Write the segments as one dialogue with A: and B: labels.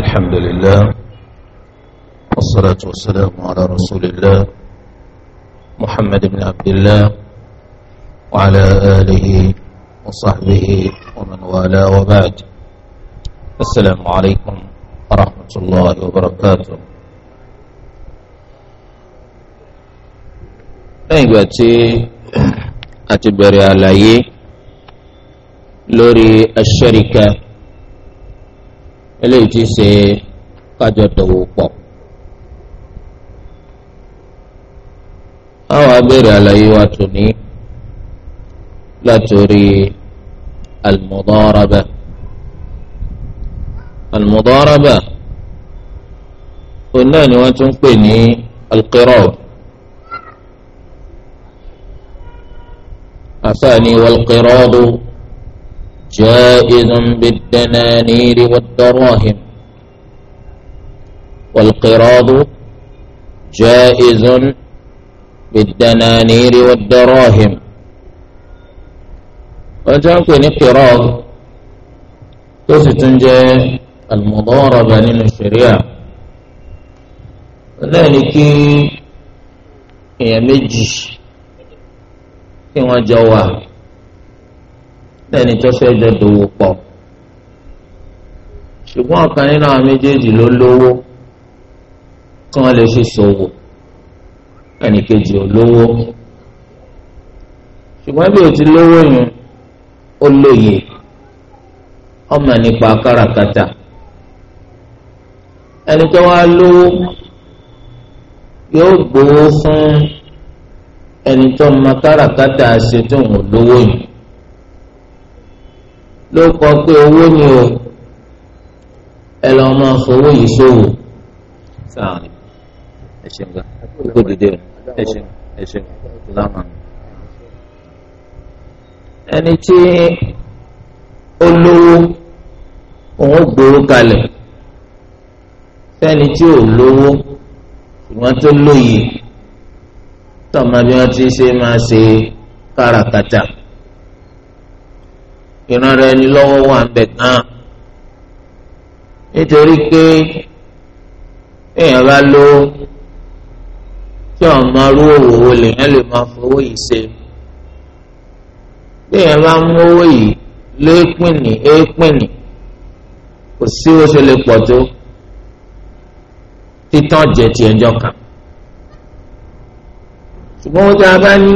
A: الحمد لله والصلاة والسلام على رسول الله محمد بن عبد الله وعلى آله وصحبه ومن والاه وبعد السلام عليكم ورحمة الله وبركاته أيوة أتبري علي لوري الشركة eléyìí ti ṣe kájọ dòwò pọ̀. àwọn abẹ́rẹ́ àlàyé wa tún ní látòrí almudaraba almudaraba òun náà ni wọ́n tún pè ní alqirab asaani walqiradu. جائز بالدنانير والدراهم والقراض جائز بالدنانير والدراهم وجاءكم القراض تفتنج المضاربة من الشريعة هي يمج كما جواه sẹ́ni tó fẹ́ jọ dòwò pọ̀ ṣùgbọ́n ọ̀kan nínú àwọn méjèèjì ló lówó kí wọ́n lè fi ṣòwò ẹnìkejì ò lówó ṣùgbọ́n bí o ti lówó yẹn ó lóye ọmọ nípa káràkátà ẹni tó wá lówó yóò gbowó fún ẹni tó mọ káràkátà ṣe tó ń lówó yẹn ló kọ pé owó ni o ẹ lọ máa fowó yìí ṣòwò sáà ẹ ṣe nǹkan kó dìde o ẹ ṣe ẹ ṣe lámà ẹni tí ó lówó òun gbowó kalẹ̀ fẹ́ni tí ò lówó ṣùgbọ́n tó lóye tọ́ ma bí wọ́n ti ṣe máa ṣe káràkátà ìrànra ẹni lọ́wọ́ wà ń bẹ̀ gan nítorí pé èèyàn bá ló tí ọmọ arú òwò lèèyàn lè máa fowó yìí ṣe téèyàn bá mú owó yìí lépìnì épìnì kò sí bó ṣe lè pọ̀ tó títàn jẹ tiẹ̀ jọ kàn ṣùgbọ́n wọ́n tí a bá ní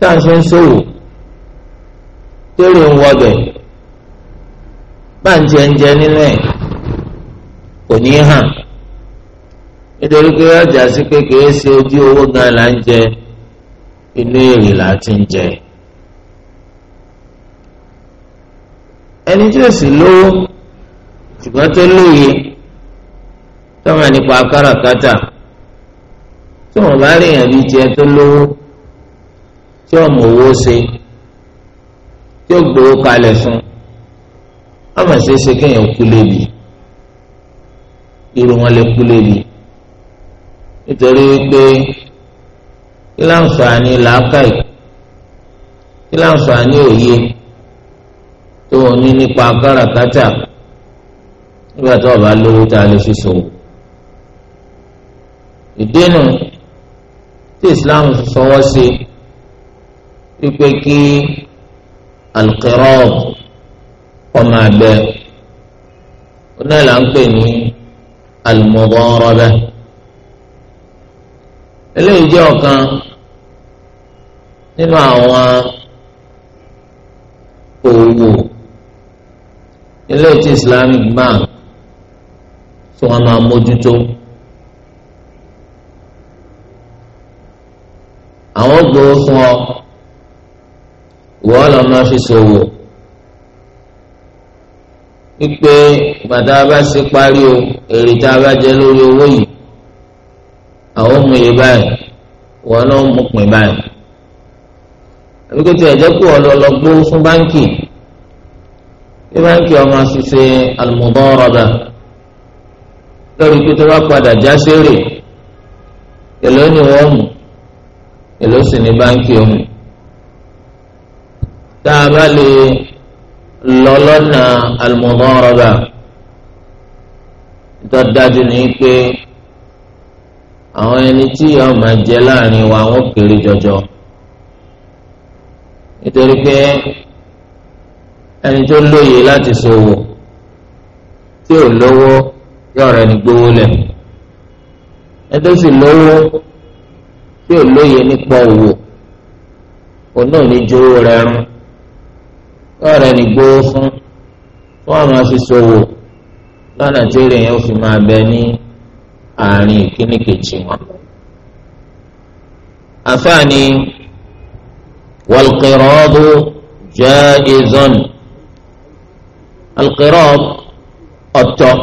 A: tá à ṣe ń ṣòwò tẹ́rù ń wọbẹ̀ bá ń jẹ ń jẹ nílẹ̀ kò ní hàn nítorí pé ọjà sí pé kìí ṣe ojú owó gan la ń jẹ inú èrè la ti ń jẹ. ẹni tí ó sì lówó ṣùgbọ́n tó lóye tọ́mọ nípa káràkátà tí wọ́n bá rí ìyànjú jẹ tó lówó tí ọmọ owó ṣe tí ó gbowó kalẹ̀ fún ọmọ ṣeéṣe kéèyàn kú lébi irú wọn lè kú lébi nítorí wípé kí láǹfààní làákàyè kí láǹfààní òye tó o ní nípa káràkátà nígbà tó o lówó tá a lè fi ṣòwò ìdínú tí Islam fọwọ́ sí wípé kí alqirab ọmọ abẹ onáà là ń pè ní almudaraba eléyìí jẹ́ ọ̀kan nínú àwọn òwò ilé tí Islamic bank tí wọ́n máa mójútó
B: àwọn gbòó fún ọ
A: wọ́n lọ máa fi ṣòwò wípé bàtà bá ṣe parí o èrè tá a bá jẹ lórí owó yìí àwọn ọmọ yìí báyìí wọ́n náà mú pin báyìí àbíkó tí ẹ̀jẹ̀ kú ọ̀lọ́ lọ gbó fún báńkì bí báńkì ọmọ àṣìṣe àlùmọ̀bọ́rọ̀dà lórí pé tó bá padà já sérè èló ni wọ́n mú èló sì ní báńkì ọmọ tá a bá lè lọ lọ́nà al-mudaraba tó dájú ní pé àwọn ẹni tí ìyá ọmọ jẹ láàrin wa wọn kéré jọjọ nítorí pé ẹni tó lóye láti ṣòwò tí ò lówó yóò rẹ ní gbówó lẹ̀ ẹni tó sì lówó tí ò lóye nípa òwò òun náà ní jówó rẹ̀ rún lọ́rẹ̀ ní gbowó fún wọ́n máa fi ṣòwò lọ́nà tí èrè yẹn ó fi máa bẹ ní àárín ìkíní kejì wọn. àfààní wàlùkìrọ́ọ̀dù jẹ́ ìzọ́n alùkìrọ́ọ̀d ọ̀tọ̀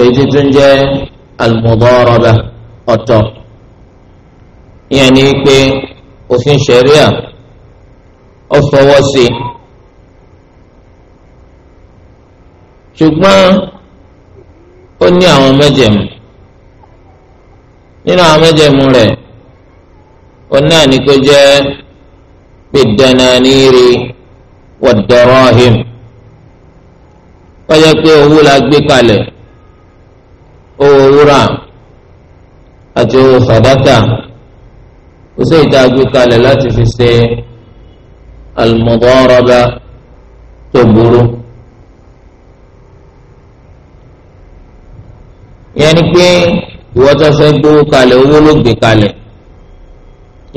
A: èyí tuntun jẹ́ alùmọ̀dọ́rọ̀bà ọ̀tọ̀ ìyẹn ni pé òfin ṣẹ̀ríà ó fọwọ́ sí ṣùgbọ́n ó ní àwọn mẹ́jẹ̀mú nínú àwọn mẹ́jẹ̀mú rẹ̀ ó náà ní kó jẹ́ bid-dananiri wad-darahim kọjá pé owó la gbé kalẹ̀ owó wúrà àti owó fàdákà kò sí ìta gbé kalẹ̀ láti fi ṣe almudaraba tó burú. yẹn ni pé ìwọ tó fẹ́ gbówó kalẹ̀ owó ló gbé kalẹ̀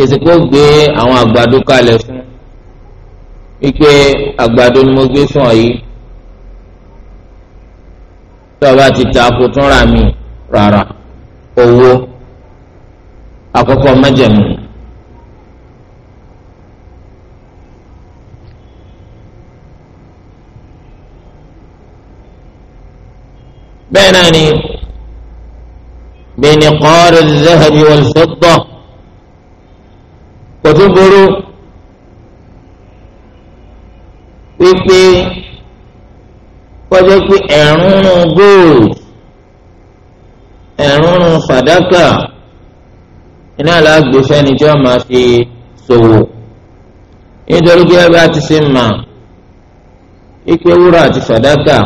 A: èsìkò gbé àwọn àgbàdo kalẹ̀ fún wípé àgbàdo ni mo gbé fún ọ yìí tí ọba ti ta kó tún rà mí rárá owó àkọ́kọ́ mẹ́jẹ̀mú. bẹ́ẹ̀ náà ni bẹ́ẹ̀ni kọ́ọ̀rọ̀ zahabi wal fidda kò tún burú wípé kọjá pé ẹ̀rúnrún gold ẹ̀rúnrún fàdákà iná aláàgbèfẹ́ ni jọ́ máa fi ṣòwò nítorí bí ẹ bá ti ṣe mà ike wúrà àti fàdákà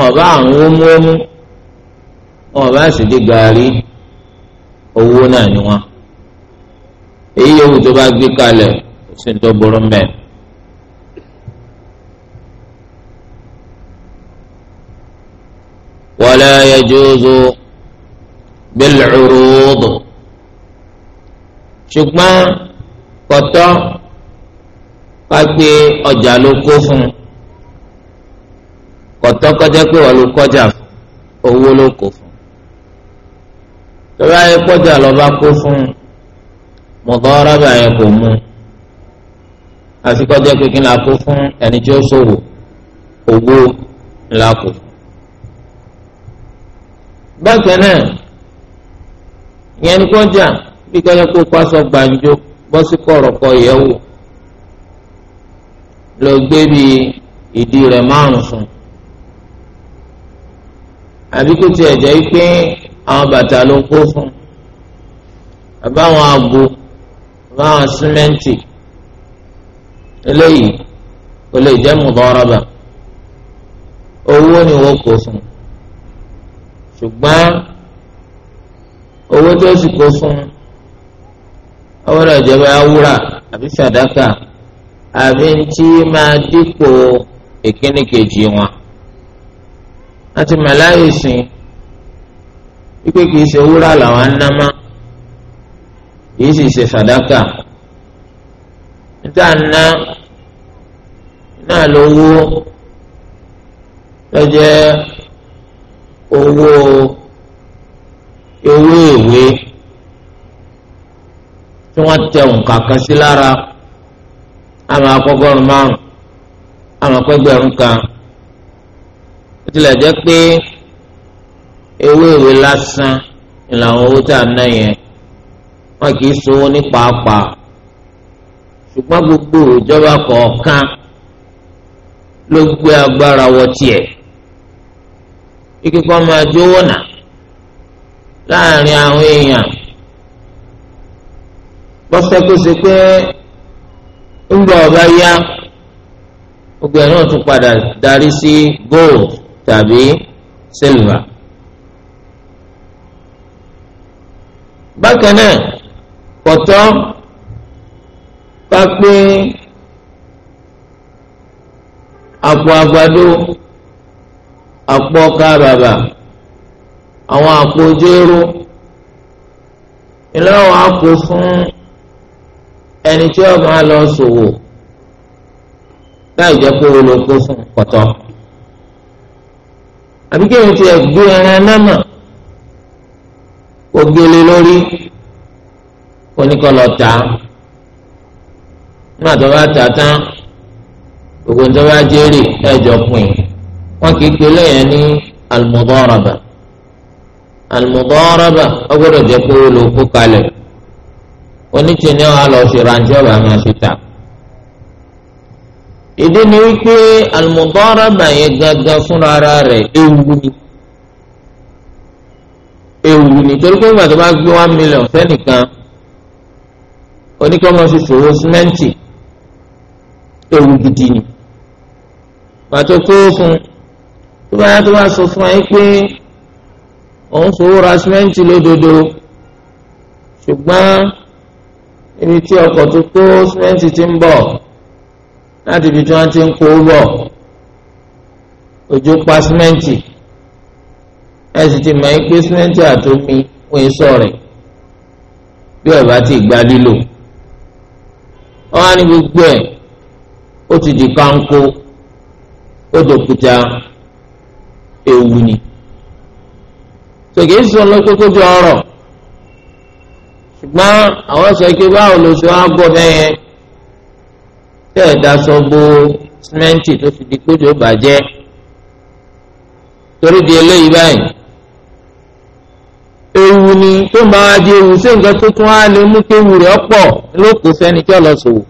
A: ọba àwọn ómúómú ọba àṣìdí gàárì owó náà ni wọn èyí yòówù tó bá gbé kalẹ̀ kò sí tó burú mẹ́rin. ولا يجوز بالعروض ṣùgbọ́n kọ̀tọ́ ká gbé ọjà ló kó fún un kọ̀tọ́kọ́jẹ́ pé wọ́n ló kọjá fún owó ló kó fún torí ayé kọjá lọ́ba kó fún mọ̀gọ́rọ́bà yẹn kò mú àfi kọjá pé kí n la kó fún ẹni tí ó ṣòwò owó ńlá kó fún. bákan náà ìyẹn ni kọjá bí kọjá kó pásọ gbàǹjo bọ́sí kọ̀rọ̀kọ̀ ìyẹ́wò lọ gbé bí ìdí rẹ̀ márùn-ún fún un àbí kó tiẹ̀ jẹ́ pé àwọn bàtà ló kó fún àbáwọn aago àbáwọn símẹ́ǹtì eléyìí kò lè jẹ́ mùdọ́rọ́bà owó ni wọ́n kó fún ṣùgbọ́n owó tó sì kó fún owó rẹ̀ jẹ́ bá wúrà àbí sàdákà àbí ntí máa dípò ìkíni kejì wọn àti màláyé sìn wípé kìí ṣe wúrà làwọn ń ná mọ́ kìí sì ṣe sàdákà níta ná náà lówó lọ́jẹ́ owó ewé ìwé tí wọ́n tẹ òǹkà kan sí lára àmọ́ akọ́gọ́rùn márùn àmọ́ akọ́gbẹ̀rún kan tilẹ̀ jẹ́ pé ewé ìwé lásán ni làwọn owó tá a ná yẹn wọn kì í sowó ní pàápàá ṣùgbọ́n gbogbo ìjọba kọ̀ọ̀kan ló gbé agbára wọ tiẹ̀ ikíkọ́ máa jówó nà láàrin àwọn èèyàn bọ́sẹ̀ kó ṣe pé ọba yá gbogbo náà tún padà darí sí gold tàbí sílvà. bákan náà pọ̀tọ́ ká pé àpò àgbàdo àpò ọkà bàbà àwọn àpò jéró ilé àwọn àpò fún ẹni tí ó máa lọ ṣòwò láì jẹ́ pé olóko fún pọ̀tọ́ àbí kí èèyàn ti ẹ̀gbẹ́ ẹran námà kò gbélé lórí kò ní kọ́ lọ tà á nígbà tó bá tà tán gbogbo tó bá jèrè ẹ̀jọ̀ pin wọn kì í pe lẹ́yìn ní almudaraba almudaraba ó gbọ́dọ̀ pé ó lò ó kó kalẹ̀ onítìní ọ̀ á lọ fi ránṣẹ́ ọ̀bà máa fi tà á ìdí ni wípé àlùmọ̀dọ́rọ̀bà yẹn gangan fúnra ara rẹ̀ ewu ni ewu ni torí pé ìgbà tó bá gbé one million sẹ́nìkan oníkẹ́wọ́n fi ṣòwò símẹ́ǹtì ewu gidi ni pàtó kó fún tó bá yá tó bá sọ fún ẹ pé òun fowó ra símẹ́ǹtì lódodo ṣùgbọ́n ibi tí ọkọ̀ tó kó símẹ́ǹtì ti ń bọ̀ láti ibi tí wọ́n ti ń kó bọ̀ òjò pa símẹ́ǹtì ẹ sì ti mọ̀ ẹ́ pé símẹ́ǹtì àtòmí fún iṣọ́ rẹ̀ bí ọ̀bá ti gba lílò wọ́n á ní gbogbo ẹ̀ ó ti di kánkó ó dòkúta ewu ni tòkè sọ lọ́kókó jọ ọ̀rọ̀ ṣùgbọ́n àwọn sọ pé báwo ló ṣe wá gbọ́ bẹ́yẹn tẹ́ ẹ̀ daṣọ bo símẹ́ǹtì tó fi di kójú ó bàjẹ́ torí di eléyìí báyìí ewu ni tó ń bá wa di ewu sí nǹkan tó tún á lè mú kí ewu rẹ̀ pọ̀ lóko sẹ́ni tí ọlọ́sòwò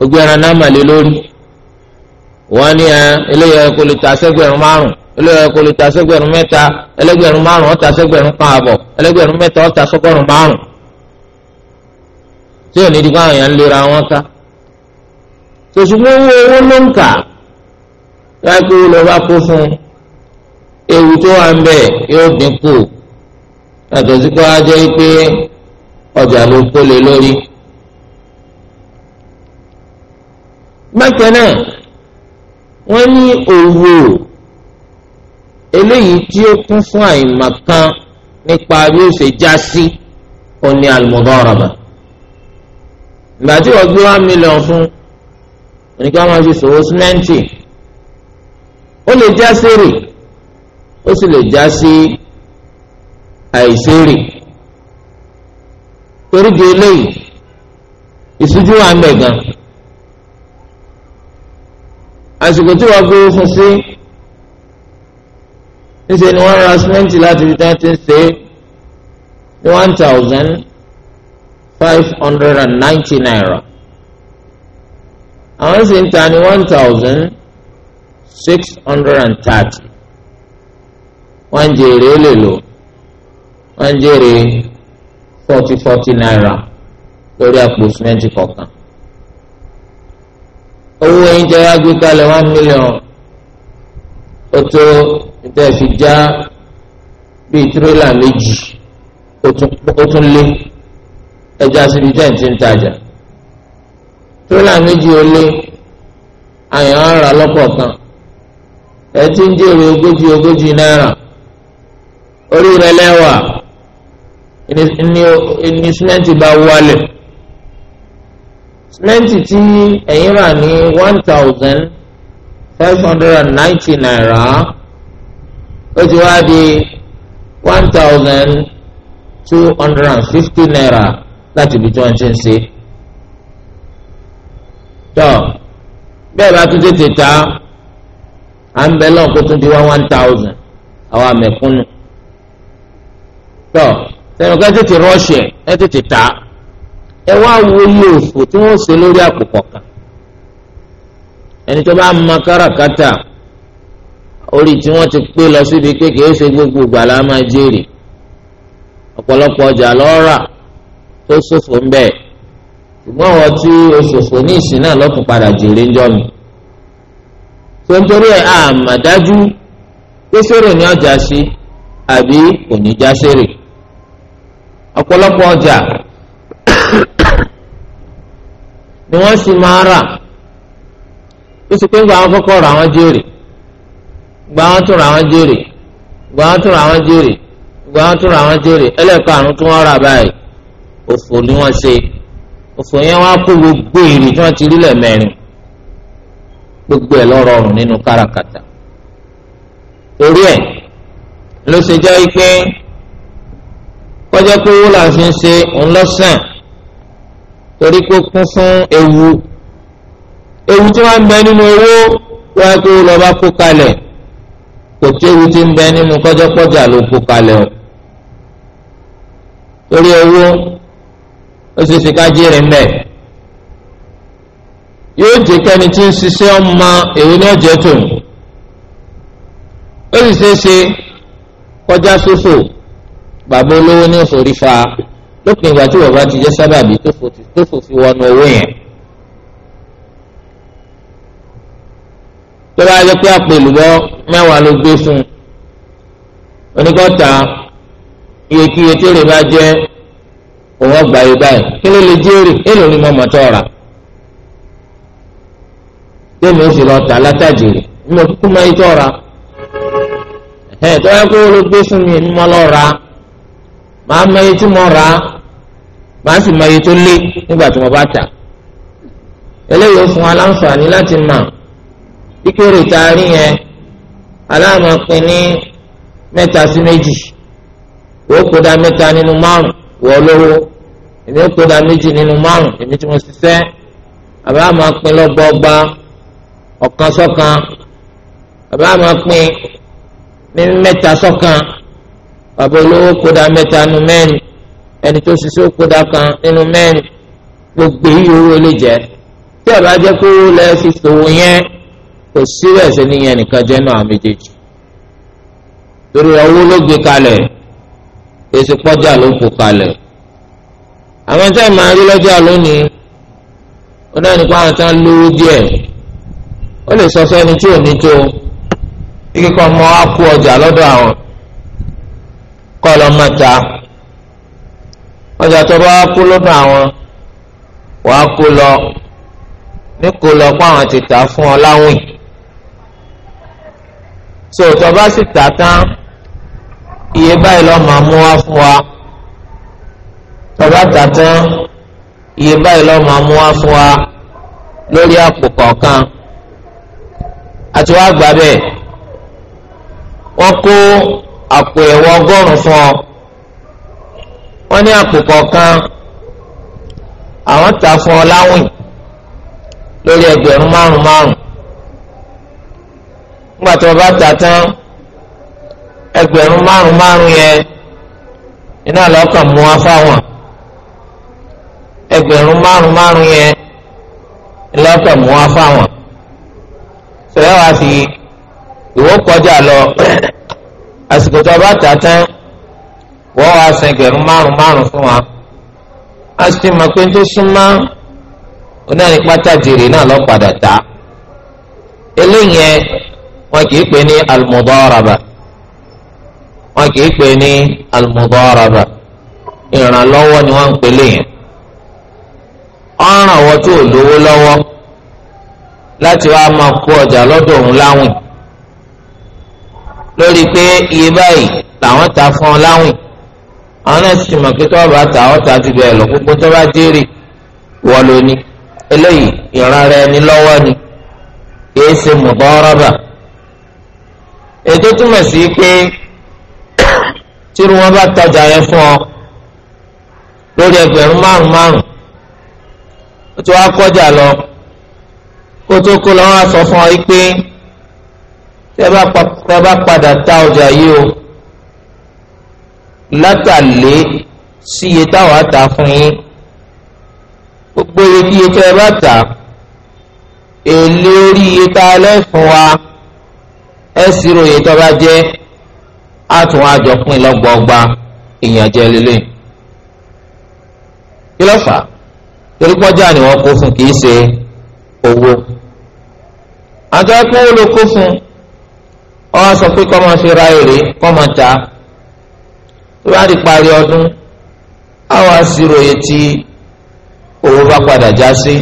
A: ojú ẹran náà mà lé lórí wọ́n ní eléyìí ẹ lè ta sẹ́gbẹ̀rún márùn-ún olóyè lè ta sẹ́gbẹ̀rún mẹ́ta ẹlẹ́gbẹ̀rún márùn ọ̀tà sẹ́gbẹ̀rún kan àbọ̀ ẹlẹ́gbẹ̀rún mẹ́ta ọ̀tà sọ́gọ́rùn márùn tí ò ní di káwọn èèyàn ń lera wọn ká kò ṣùgbọ́n owó owó ló ń kà láti owó lọ́ba kó fún ewu tó wà ń bẹ̀ yóò dínkù yàtọ̀ sí kó ajẹ́ pé ọjà ló kó lé lórí. bákan náà wọ́n ní òwò eléyìí tí ó kún fún àìmọ̀kan nípa bí ó ṣe já sí òní àlùmọ̀gá ọ̀rọ̀ bá. ìgbà tí wọ́n gbé one million fún un oníkà máa fi ṣòwò símẹ́ǹtì ó lè já sérè ó sì lè já sí àìsérè torí di eléyìí ìṣújú wa ń bẹ̀ gan àsìkò tí wọ́n gbowó fún sí níṣẹ́ ni wọ́n ra símẹ́ǹtì láti fi tán ń ṣe ní one thousand five hundred and ninety naira àwọn sì ń ta ní one thousand six hundred and thirty wọ́n ń jèrè ó lè lò wọ́n ń jèrè forty forty naira lórí àpò sìmẹ́ǹtì kọ̀ọ̀kan owó oúnjẹ wa gbé kalẹ̀ one million ó tó níta fi já bíi tírélà méjì ó tún lé ẹja síbi jẹ́ ń tajà tírélà méjì ó lé àyàn ara lọ́pọ̀ kan ẹ ti ń jèrè ogójì ogójì náírà orí rẹ lẹ́wà ní símẹ́ǹtì bá wálẹ̀ símẹ́ǹtì tí ẹ̀yin rà ní one thousand five hundred and ninety naira ó ti wá di one thousand two hundred and fifty naira láti ibi tí wọ́n ti ń ṣe. tọ bẹ́ẹ̀ bá tún tètè ta à ń bẹ lọ́n kó tún di wá one thousand àwọn àmẹ̀kúnnù tọ́ sẹ́yìn ká tètè rọ́ọ̀ṣì ẹ tètè ta ẹ wá wo iye òfò tí wọ́n ṣe lórí kan ẹni tó bá orí tí ti pé lọ síbi ṣe gbogbo gbàlá máa jèrè ọjà rà tó ṣòfò ń ṣùgbọ́n àwọn tí oṣooṣù ní ìsìn náà lọ́tún padà jèrè ń jọ mi. tó ń torí ẹ̀ àmàdájú pé sèrè ni ọjà sí àbí kò ní ni wọ́n sì máa rà ó sì pé gba àwọn kọ́kọ́ rà wọ́n jèrè gba àwọn tó rà jèrè gba àwọn tó rà jèrè gba àwọn òfò yẹn wá kó gbogbo èrè tí wọ́n ti rí lẹ́ẹ̀mẹ́rin gbogbo ẹ̀ lọ́rọ̀ọ̀rùn nínú káràkátà torí ẹ̀ ló ṣe jẹ́ pé kọjá pé owó là ń fi ṣe ńlọ́sàn torí pé kún fún ewu ewu tí wọ́n ń bẹ nínú owó wọ́n á pé owó lọ́ba kó kalẹ̀ kò tí ewu ti ń bẹ nínú kọjá pọ́jà ló kó kalẹ̀ o torí owó ó sì sì ká jèrè mbẹ yóò jẹ kẹni tí ń ṣiṣẹ́ ọmọ èyí ni ọjọ́ tó ń ó sì ṣe é ṣe kọjá sófò bàbá olówó ní òṣòrí fa lópin ìgbà tí bàbá ti jẹ́ sábàbí tófò fi wọnú owó yẹn. tó bá yẹ pé àpò ìlúbọ mẹ́wàá ló gbé fún un oníkọta iye kí iye tí ó lè bá jẹ òun ọgbà yìí báyìí kí ló lè jèrè èlò ni mo mọ̀ ó sì lọ tà látàjèrè mo mọ èyí tó rà ẹ̀ tó yẹ kó o ló gbé fún mi ni mo lọ màá mọ èyí tí mo rà màá sì mọ tó lé fún wa láǹfààní láti mọ̀ a rí yẹn aláàmọ̀ pin ní mẹ́ta sí méjì ó kó mẹ́ta nínú wọ lówó èmi ó kó da méjì nínú márùn èmi tí mo ṣiṣẹ́ àbá máa pín lọ́gbọ́gba ọ̀kan sọ́kan àbá máa pín ní mẹ́ta sọ́kan bàbá olówó kó da mẹ́ta nínú mẹ́rin ẹni tó ṣiṣẹ́ ó kó da kan nínú mẹ́rin gbogbo yìí owó lè jẹ́ tí àbá jẹ́ kó lẹ́ fi ṣòwò yẹn kò sí bẹ́ẹ̀ níyẹn nìkan jẹ́ náà méjèèjì torí ọwọ́ ló gbé kalẹ̀ èsì pọ́jà ló kó kalẹ̀ àwọn tẹ́ ẹ̀ máa rí lọ́jà lónìí ó náà nípa àwọn tán lówó díẹ̀ ó lè sọ sẹ́ni tí ò ní tó kíkọ́ mọ́ á kó ọjà lọ́dọ̀ àwọn kọ́ lọ́ máa ta ọjà tó bá kó lọ́dọ̀ àwọn wàá kó lọ ní kó lọ pé àwọn ti tà fún ọ láwìn tó tọ́ bá sì tà tán iye báyìí lọ́ọ́ máa mú wá fún wa tọ́ba tà tán iye báyìí lọ́ọ́ máa mú wá fún wa lórí àpò kọ̀ọ̀kan àti wá gbà bẹ́ẹ̀ wọ́n kó àpò ẹ̀wọ̀ ọgọ́rùn-ún fún ọ wọ́n ní àpò kọ̀ọ̀kan àwọn tà fún ọ láwìn lórí ẹgbẹ̀rún márùn-márùn nígbà tí wọ́n bá tà ẹgbẹ̀rún márùn márùn yẹn iná lọ́kàn mú wá fáwọn ẹgbẹ̀rún márùn márùn yẹn lọ́kàn mú wá fáwọn sọ̀rọ̀ wá sí ìwọ kọjá lọ àsìkò tó bá tà tán wọ́n wá ẹgbẹ̀rún márùn márùn fún wa a sì pé tó súnmọ́ onáni pátá jèrè náà lọ́ padà wọn kì í wọn kì í pè ní almudaraba ìrànlọ́wọ́ ni wọ́n ń pèlè yẹn ọ̀ràn wọ́n tó lówó lọ́wọ́ láti wá máa kó ọjà lọ́dọ̀ òun láwìn lórí pé iye báyìí làwọn ta fún ọ láwìn àwọn náà sì mọ̀ pé tó bá ta ọ́ ta ju lọ gbogbo tó bá jèrè wọ́n ló ní eléyìí ìran rẹ ní lọ́wọ́ ni kì í ṣe mudaraba ètò túmọ̀ sí pé. tírú wọn bá tajà yẹn fún ọ lórí ẹgbẹ̀rún márùn márùn ó ti wá kọjá lọ kó tó kó lọ wọn sọ fún ọ yìí pé tẹ bá padà ta ọjà yìí o látàlé sí iye táwọn á ta fún yín gbogbo iye tí iye tẹ bá ta èlé orí iye tá a lẹ́ fún wa ẹ sì ròyìn tó bá jẹ́. á tún wá jọ pín lọ́gbọọgba ìyànjẹ líle kí ló fà á torí ni wọn kó fún kì ṣe owó àti ẹ̀kọ́ wo ló kó fún ọ sọ pé kọ́ máa fi ra èrè kọ́ máa ta tó bá di parí ọdún á wá ṣírò iye owó bá padà já sí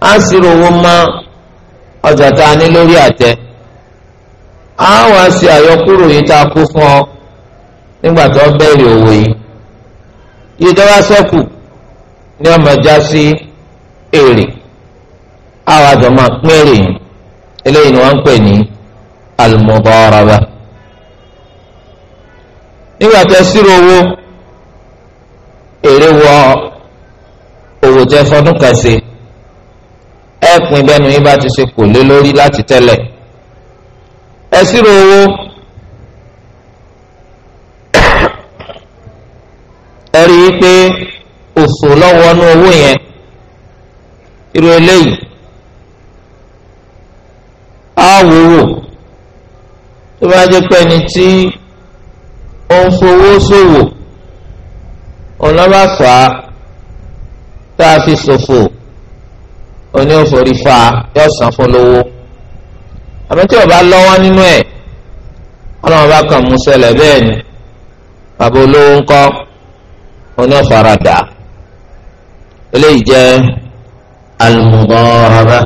A: á owó mọ́ ọjà tá a ní lórí àtẹ. àwọn àṣì àyọkúrò yìí tá a kó fún ọ nígbà tó bẹ̀rẹ̀ òwò yìí yìí tó bá ṣẹ́kù ní ọmọ já sí èrè àwọn àjọ máa pín èrè yìí eléyìí ni wọ́n ń pè ní al-mudaraba nígbà tó ṣírò owó èrè wọ òwò tẹ fọdún kan ṣe ẹ pín bẹ́ẹ̀ ni yín bá ti ṣe kò lé lórí láti tẹ́lẹ̀ ẹ̀sìrò owó ẹ̀rí pé òfò lọ́wọ́ ní owó yẹn irú eléyìí á wò wò tó bá jẹ́ pé ẹni tí ó ń fowó ṣòwò ọ̀nà tá a fi ṣòfò oní òfòrí fa yóò fún lówó àmọ́ tí ọba lọ́wọ́ nínú ẹ̀ ọlọ́run bá kàn mú ṣẹlẹ̀ bẹ́ẹ̀ ni bàbá olówó ńkọ́ oní eléyìí jẹ́ alùmọ̀ọ́rọ̀bá.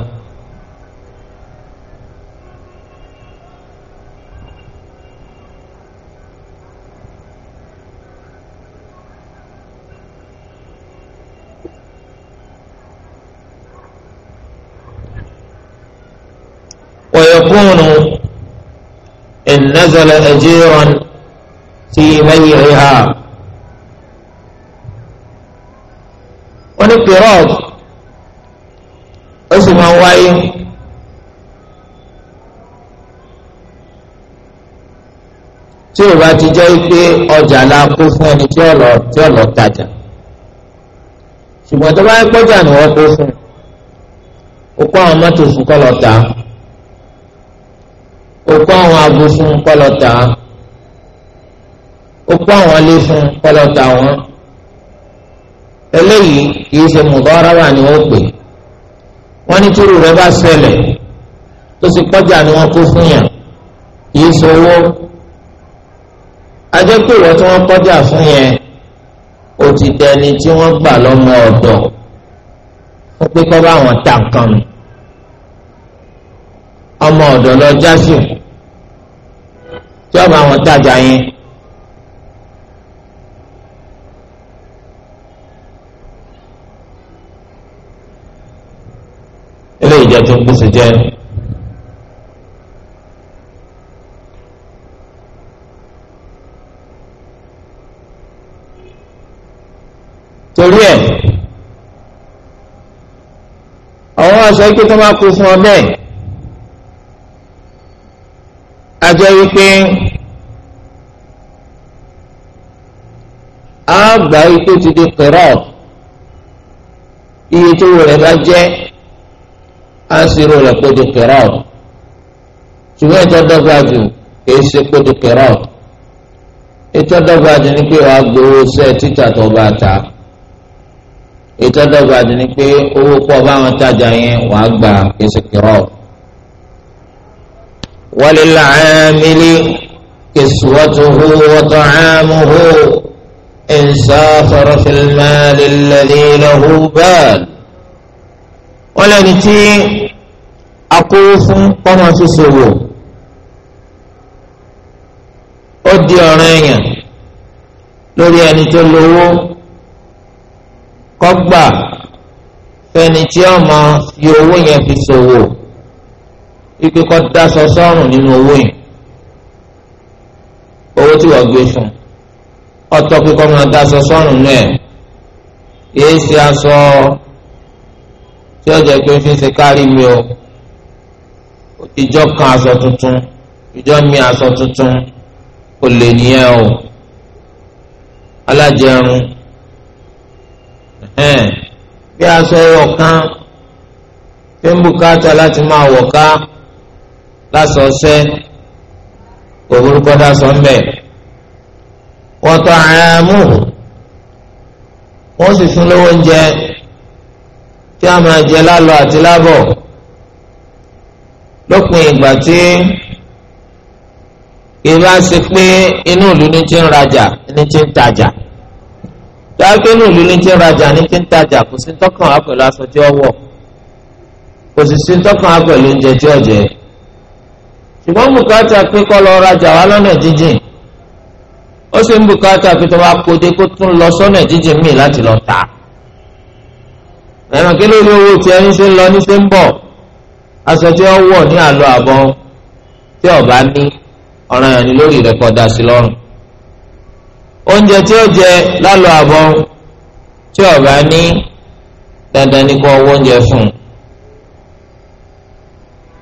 A: نزل أجيرا في بيعها ونقراض اسم وعي tí o bá ti jẹ́ pé ọjà la kó fún ẹni tí ó lọ tí ó lọ tajà ṣùgbọ́n tó bá ń pọ́jà ni wọ́n kó fún o kó àwọn mọ́tò fún kọ́ lọ òkú àwọn aago fún kọlọta òkú àwọn alé fún kọlọta wọn eléyìí kìí ṣe mùdọ́rábà ni wọ́n pè wọ́n ní túrú rẹ bá ṣẹlẹ̀ tó sì pọ́jà ni wọ́n kó fún yàn kìí ṣe owó ajẹ́pẹ́ ìwọ tí wọ́n pọ́jà fún yẹn ó ti dẹni tí wọ́n gbà lọ́mọ ọ̀dọ̀ wọ́n pé kọ́ bá wọn ta nǹkan mi ọmọ ọ̀dọ̀ lọ jásù tí ọba àwọn tajà yẹn eléyìí jẹ tó gbèsè jẹ. torí ẹ àwọn aṣọ ike tó máa kó fún ọ bẹ́ẹ̀ ajẹ́ wípé a gbà wípé ti di kẹrọ iye tó rẹ̀ bá jẹ́ a sì rò rẹ̀ pé di kẹrọ ṣùgbọ́n ìtọ́ dọ́gba jù kì í ṣe pé di kẹrọ ìtọ́ dọ́gba jù ni pé wàá gbowó sẹ́ títà tó bá ta ìtọ́ dọ́gba jù ni pé owó pọ̀ báwọn tajà yẹn wàá gbà kì í ṣe kẹrọ. وللعامل كسوته وطعامه إن سافر في المال الذي له بال ولن تي أقوف قمع في سبو أدي أرينيا لوري أن تلو قبع فنتي أما يوين في سبو ikú kọ́ dasọ sọ́rùn nínú owó yìí owó tí wọ́n gbé fún ọ̀tọ̀ kíkọ́ máa dasọ sọ́rùn náà kìí ṣe aṣọ tí ó jẹ́ pé fi ṣe kárí mi o ìjọ kan aṣọ tuntun ìjọ mi aṣọ tuntun kò lè nìyẹn o alájẹrun bí aṣọ ọ̀kan tí ń bùkátà láti máa wọ̀ ká lásán ọsẹ òwúrúkọ dásọ ńbẹ wọtọ àmú wọn sì fún lówó oúnjẹ tí a máa jẹ lálọ àti lábọ̀ lópin ìgbà tí ìbá ṣe pé inú ìlú ní ti ń rajà ní ti ń tajà dáké inú ìlú ní ti ń rajà ní ti ń tajà kò sí tọkàn á pẹ̀lú aṣọ tí ó wọ̀ kò sì sí tọkàn á pẹ̀lú oúnjẹ tí ó jẹ ṣùgbọ́n bùkátà pé kọ́ lọ rajà wá lọ́nà jíjìn ó sì ń bùkátà pé tó bá kóde kó tún lọ sọ́nà jíjìn míì láti lọ tà ẹ̀ràn kí ló ní owó tí ẹni ṣe ń lọ ní ṣe ń bọ̀ aṣọ tí ó wọ̀ ní àlọ́ àbọ̀ tí ọ̀bá ní ọ̀ràn yẹn ni lórí rẹ̀ kọ́dà sí lọ́rùn oúnjẹ tí ó jẹ lálọ́ àbọ̀ tí ọ̀bá ní dandan ní kó owó oúnjẹ fún un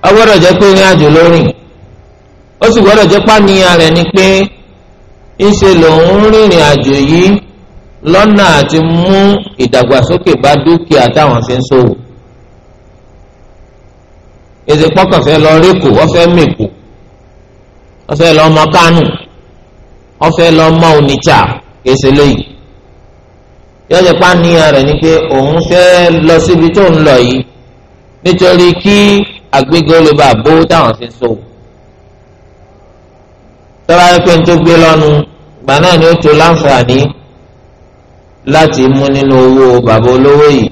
A: ọgbọ́dọ̀ jẹ́ pé ní àjò lórí ó sì gbọ́dọ̀ jẹ́ pàníyàn rẹ̀ ni pé ńṣe lòun rìnrìn àjò yìí lọ́nà àti mú ìdàgbàsókè bá dúkìá táwọn fi ń ṣòwò èsì pọ́kànfẹ́ lọ rékò ọ̀fẹ́ mèkò ọ̀fẹ́ lọ mọ kánù ọ̀fẹ́ lọ mọ onitsà èsì lóyìí yọjọ pàníyàn rẹ̀ ni pé òun fẹ́ lọ síbi tó ń lọ yìí nítorí kí àgbégbé lè bá bó táwọn fi ń ṣòwò tọ́lá yẹn pé tó gbé lọ́nu gbà náà ni ó tó láǹfààní láti mú nínú owó bàbá olówó yìí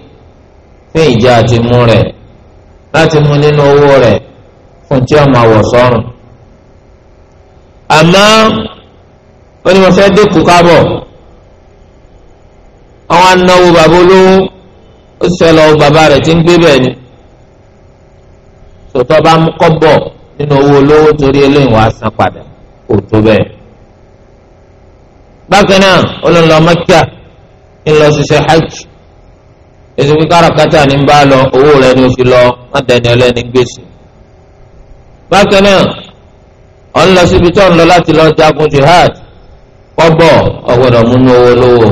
A: fún ìjà àti mú rẹ̀ láti mú nínú owó rẹ̀ fún tí ọmọ àwọ̀ sọ́run. àmọ́ ó ní mo fẹ́ dínkù kábọ̀ àwọn anáwó bàbá olówó ó sì bàbá rẹ̀ tí ń gbé bẹ́ẹ̀ ni sòtọ́ bá kọ́ bọ̀ nínú owó olówó torí eléyìí wàá san padà. kò tó bẹ́ẹ̀. bákan náà olùlọ mẹ́kíà ń ṣiṣẹ́ hajj èsì pé káràkátà ní bá lọ owó rẹ ni o fi lọ má dẹni ẹlẹ́ni gbèsè. bákan náà lọ síbi tó ń lọ láti lọ jagun jihad múnú owó lówó.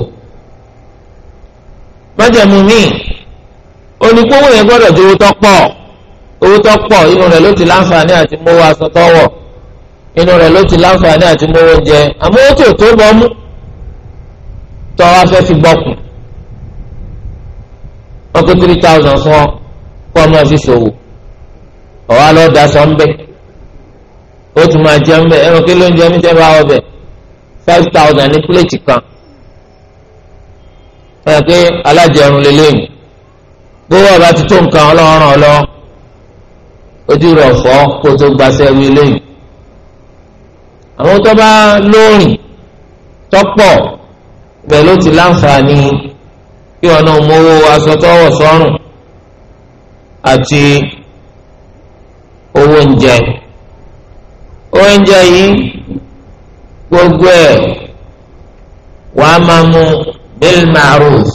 A: májẹ̀mú mi olùkówó yẹn inú rẹ̀ ló ti láǹfààní àti mú oúnjẹ àmọ́ ó tó tó bọ́ mú tọ́ wa fẹ́ fi gbọ́kùn wọ́n kó three thousand fún ọ kó ọmọ fi ṣòwò ọ̀wá lọ́ọ́ da sọ ńbẹ́ ó tún máa jẹun bẹ́ẹ̀ ẹ̀rọ kí ló ń jẹun tẹ́ bá ọbẹ̀ five thousand ní pílẹ̀tì kan ẹ̀rọ pé alájẹun lélẹ́yìn gbówó ọba ti tó nǹkan ọlọ́run ọlọ́ ojú rẹ̀ fọ́ kó tó gbaṣẹ́ wí lẹ́yìn àwọn tó bá lóòrìn tọ́pọ̀ bẹ́ẹ̀ ló ti láǹfààní kí wọn náà mówó aṣọ tọ́wọ̀ sọ́rùn àti owó oúnjẹ oúnjẹ yìí gbogbo ẹ̀ wàá máa mú bil ma'ruf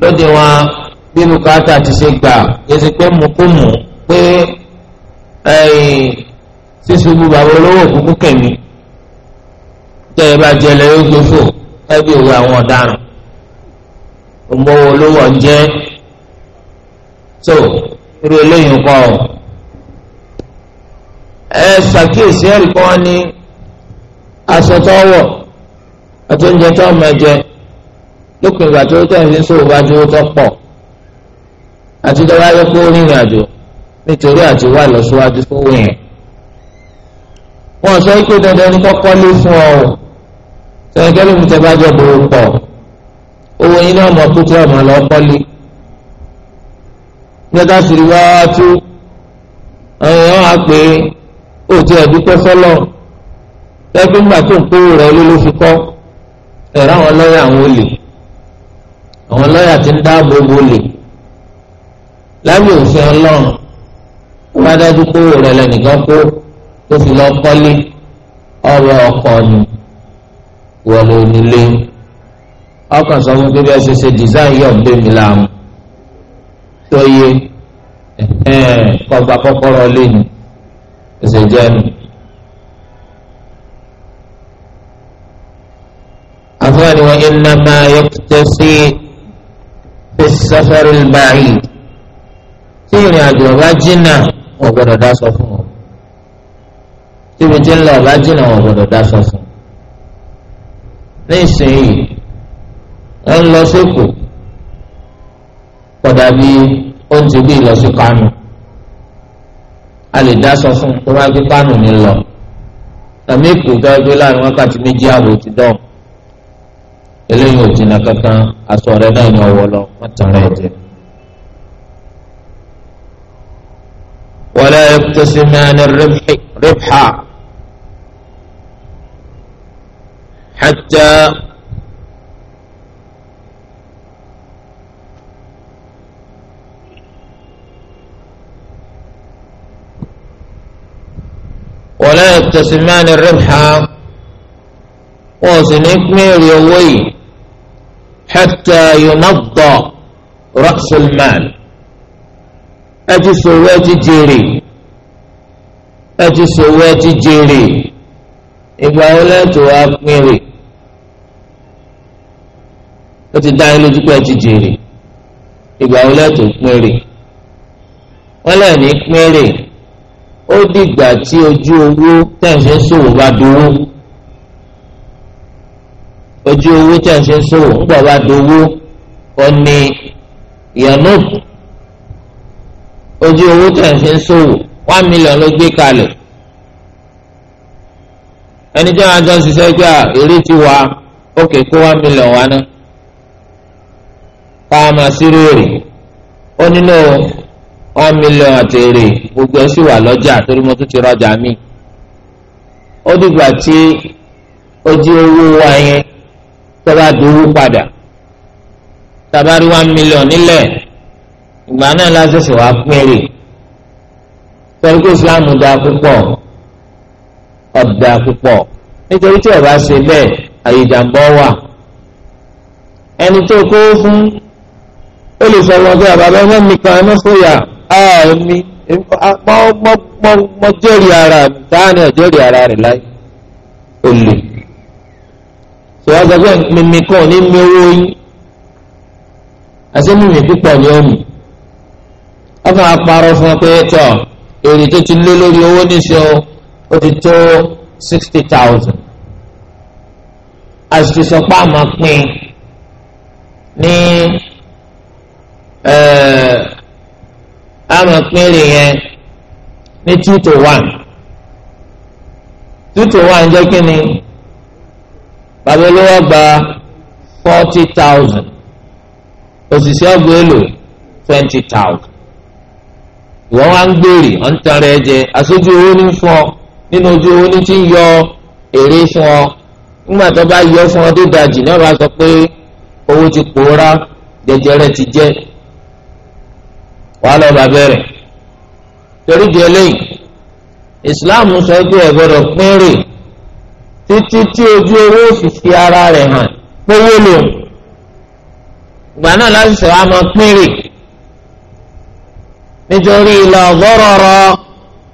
A: lóde wọn bí bùkátà ti ṣe gbà kí ẹ ti pé mú kó sísun bu bàbá olówó òkúkú kẹ̀mí tẹ́yẹ bá jẹ lẹ́yìn gbófò ẹbí òwe àwọn ọ̀daràn òmòwò olówó ọ̀jẹ́ tó irú eléyìí kọ́ ọ. ẹ ṣàkíyèsí ẹ̀rí kan ní aṣọ tó wọ̀ àti oúnjẹ tó ọmọ ẹ̀jẹ̀ lópin ìgbà tó tẹ̀ fi ń bá dúró tó pọ̀ àti tó bá kó rìnrìn àjò nítorí àti wà lọ síwájú fún wẹ̀yẹn wọn sọ pé dandan ní kọ́kọ́ lé fún ọ o sọ̀rọ̀ kẹ́lẹ́ mi tẹ́ bá jọ bòrò pọ̀ owó yín náà mọ̀ tó tẹ́ ọ̀mọ̀ lọ kọ́lé nígbà tí wá tú àwọn èèyàn á pé ó ti ẹ̀dúpẹ́ fọ́lọ́ lẹ́gbẹ́ nígbà tó ń kó rẹ̀ ló ló fi kọ́ ẹ̀rọ àwọn lọ́ọ̀yà àwọn olè àwọn lọ́ọ̀yà ti ń dáàbò bo olè lábẹ́ òfin ọlọ́run wọ́n á dájú kó rẹ̀ lẹ́nìkan kó tó fi lọ kọ́lé ọ̀rọ̀ ọkọ ni wọ́n lò nílé ọkàn sọ fún pé bí ẹ ṣe ṣe design yọ̀ ń gbé mi láàmú tó yé kọgbà kọ́kọ́rọ́ lé ni ẹsẹ̀ jẹ́ nu. أفاد وإنما يقتصي في السفر البعيد tí ìrìn àjò bá jìnnà wọn gbọ́dọ̀ dá sọ fún wọn tíbi tí ń lọ bá jìnnà wọn gbọ́dọ̀ dá sọsùn nísìnyí wọn lọ sóko kódà bí ó ti bí lọ sí kánò a lè dá sọsùn tó bá gbé kánò ní lọ tàbí èkó tó gbé láàrin wákàtí méjì ààbò ti dán eléyìí ò jìnnà kankan aṣọ rẹ náà ní ọwọ́ lọ wọn tàn rẹ jẹ. ولا يقتسمان الربح ربحا حتى ولا يبتسمان الربح وسنك ميريوي حتى ينضى رأس المال أجي سواتي جيري أجي سواتي جيري ìgbà wo lẹ́tọ̀ wá pín rè ó ti dá yín lójú pé ẹ ti jèrè ìgbà wo lẹ́tọ̀ pín rè wọ́n lẹ̀ ní pín rè ó dìgbà tí ojú owó tẹ̀sí ń bá dowó ojú owó tẹ̀sí ń ṣòwò bá dowó ó ní ìyànú ojú owó tẹ̀sí ń one million ló gbé kalẹ̀ ẹni tí wọn jọ ń ṣiṣẹ́ gbé à èrè ti wá òkè kó wá mílíọ̀n wá ná ká máa sírò èrè ó nínú wọn mílíọ̀n àti èrè gbogbo ẹ̀ sì wà lọ́jà torí mo tún ti rọjà mí ó dìgbà tí ó jí owó wa yẹn tó bá dowó padà tabari one million nílẹ̀ ìgbà náà la wá pín èrè torí pé Islam dáa púpọ̀ ọ̀dà púpọ̀ nítorí tí ọba ṣe bẹ́ẹ̀ àyèjàmbọ́ wà ẹni tó kó fún ó lè sọ wọn pé àbábẹ́ wọn nìkan ẹ mọ́fòyà mi mọ́ jẹ́rìí ara mi dáhùn ọ̀jẹ́rìí ara rẹ̀ láì olè tòwájú pé mímí kan ní mi owó yín àti mímí púpọ̀ ní omi wọ́n fún wa parọ́ fún ọ pé tọ̀ èrè tó ti lé lórí owó níṣẹ́ o ó ti tó sixty thousand àti sọpá àmọ́ pín ní àmọ́ eh, pín rè yẹn ní two to one two to one jẹ́ kí ni bàbá olówó gba forty thousand òṣìṣẹ́ ọgbà èlò twenty thousand ìwọ́n wá ń gbèrè ọ̀ ń tan rẹ̀ jẹ aṣojú owó ní fún ọ nínú ojú owó ní ti ń yọ èrè fún ọ nígbà tó bá yọ fún ọ dídajì náà bá sọ pé owó ti pòórá jẹjẹrẹ ti jẹ wàá lọ bá bẹ̀rẹ̀ torí di eléyìí Islam sọ pé ẹ gbọ́dọ̀ pín rè títí tí ojú owó fi fi ara rẹ̀ hàn pówó lò ìgbà náà láti sọ wàá pín rè nítorí la zarara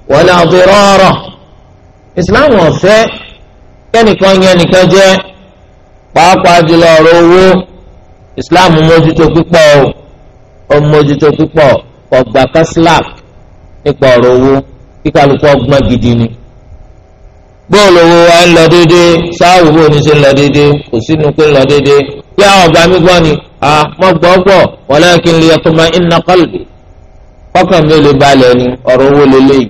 A: wala dirara ìsìláàmù ọ̀fẹ́ kẹ́nìkan yẹn nìkan jẹ́ pàápàá jùlọ ọ̀rọ̀ owó ìsìláàmù mójútó pípọ̀ ó mójútó pípọ̀ ọgbà kásílàp nípa ọ̀rọ̀ owó kíkàlùkù ọgbọ́n gidi ni bóòlù owó wa ń lọ déédéé sáàwù bóò ní ṣe ń lọ déédéé kò sínú pé ń lọ déédéé bí àwọn ọba mi gbọ́ ni à mọ́ gbọ́gbọ́ walakin liyatma'inna qalbi kọ́kàn mi ò lè balẹ̀ ni ọ̀rọ̀ owó lélẹ́yìí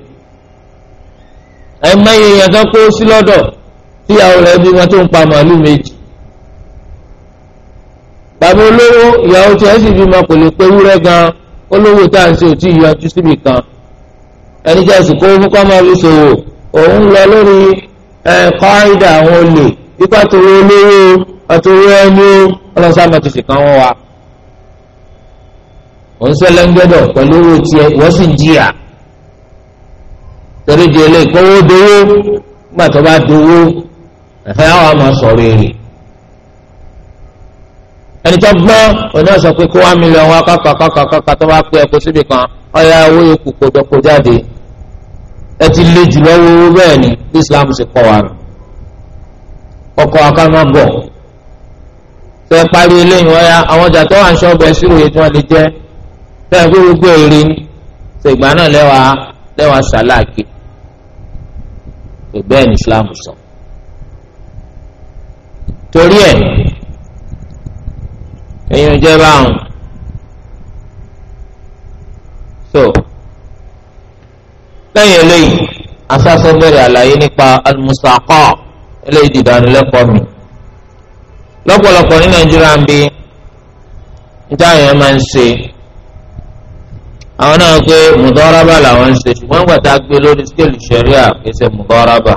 A: ẹ mẹ́yìn èèyàn kan kó sí lọ́dọ̀ tíyàwó rẹ̀ bí wọn tó ń pa màálù méjì bàbá olówó ìyàwó tí ẹ sì bímọ kò lè pé wúrẹ́ gan olówó tá à ń ṣe ò tí ì yanjú síbì kan ẹni tí a sì kó fún kọ́mọ fi ṣòwò òun lọ lórí kọ́ńdà àwọn olè ipa tòwé olówó ọtòwé ẹni ọlọ́sàn mọ́tòsì kan wọ́n wa òun ṣẹlẹ̀ ń gbẹ́dọ̀ pẹ̀lú owó tiẹ̀ wọ́n sì ń jìyà torí di ilé ìkówó dowó nígbà tó bá dowó ẹ̀fẹ́ àwọn àmọ́ sọ̀rọ̀ èrè ẹni tó gbọ́n òní ọ̀sán pé kó wá mílíọ̀nù wá kákàkàkàkà tó bá pé ẹ̀kọ́ síbi kan ọ̀yà owó yòókù kò jáde ẹ ti lé jù owó bẹ́ẹ̀ ni Islam ṣe kọ́ wa nù ọkọ̀ akánábọ̀ tẹ parí eléyìí wọ́n ya àwọn ọjà tó wà ń ṣọ́ọ̀bù ẹ̀ sírò yìí tí wọ́n lè jẹ́ tẹ gbogbo èrè ṣègbà náà lẹ́wàá lẹ́wàá sàláàkì pé bẹ́ẹ̀ ni Islam sọ torí ẹ̀ ẹ̀yin jẹ́ báwọn so lẹ́yìn eléyìí asásọ́ bẹ̀rẹ̀ àlàyé nípa almusaqa eléyìí dìdánilẹ́kọ̀ọ́ mi lọ́pọ̀lọpọ̀ ní Nàìjíríà ń bí níta yẹn máa ń ṣe. àwọn náà pé mùdọ́rábà làwọn ń ṣe ṣùgbọ́n gbàtà gbé lórí skéèlì sẹ́ríà pèsè mùdọ́rábà